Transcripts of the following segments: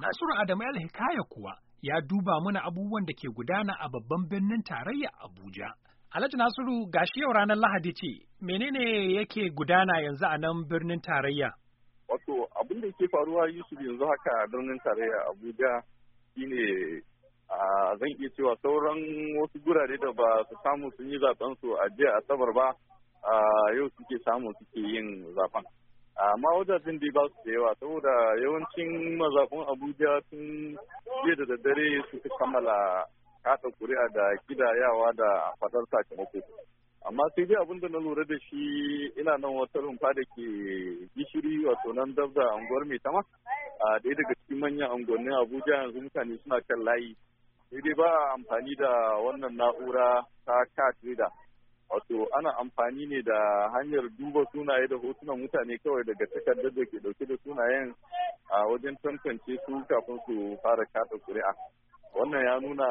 Nasiru Adamu kaya kuwa ya duba mana abubuwan da ke gudana a babban birnin tarayya Abuja. Alhaji Nasiru ga shi yau ranar Lahadi ce, menene yake gudana yanzu a nan birnin tarayya? Wato abin da yake faruwa Yusuf yanzu haka a birnin tarayya Abuja shine a zan iya cewa sauran wasu gurare da ba su samu sun yi zaben su a jiya asabar ba a yau suke samu suke yin zaɓen amma wajajen da ba su da yawa saboda yawancin mazafin abuja sun je da daddare su fi kammala kada kuri'a da kidayawa da fadar sakamako amma sai dai abinda na lura da shi ina nan wata rumfa da ke gishiri wato nan dab da unguwar mai tama a ɗaya daga cikin manyan unguwannin abuja yanzu mutane suna kan layi sai dai ba a amfani da wannan na'ura ta cat reader wato ana amfani ne da hanyar duba sunaye da hotunan mutane kawai daga takardar da ke dauke da sunayen a wajen tantance su kafin su fara kada kuri'a wannan ya nuna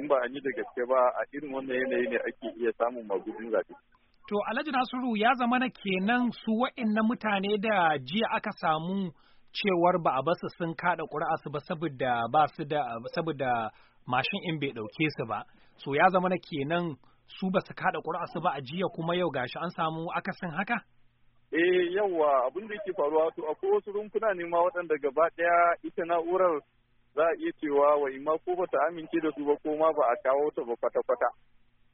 in ba an yi da gaske ba a irin wannan yanayi ne ake iya samun magudin zafi. To Alhaji Nasiru ya zama na kenan su wa'innan mutane da jiya aka samu cewar ba a basu sun kada ƙuri'a su ba saboda ba su da saboda mashin in bai ɗauke su ba. So ya zama na kenan su ba su kada su ba a jiya kuma yau gashi an samu akasin haka? Eh yawa abin da yake faruwa to akwai wasu rumfuna ne ma waɗanda gaba ɗaya ita na'urar za a iya cewa wa imma ko ba ta amince da su ba ko ma ba a kawo ta ba kwata-kwata.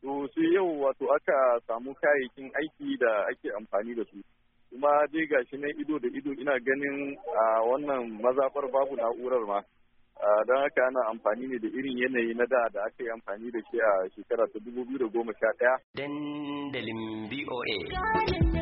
To sai yau wato aka samu kayayyakin aiki da ake amfani da su. Kuma dai gashi na ido da ido ina ganin a wannan mazaɓar babu na'urar ma. don haka ana amfani ne da irin yanayi na da da aka yi amfani da shi a shekara ta 2011 dandalin BOA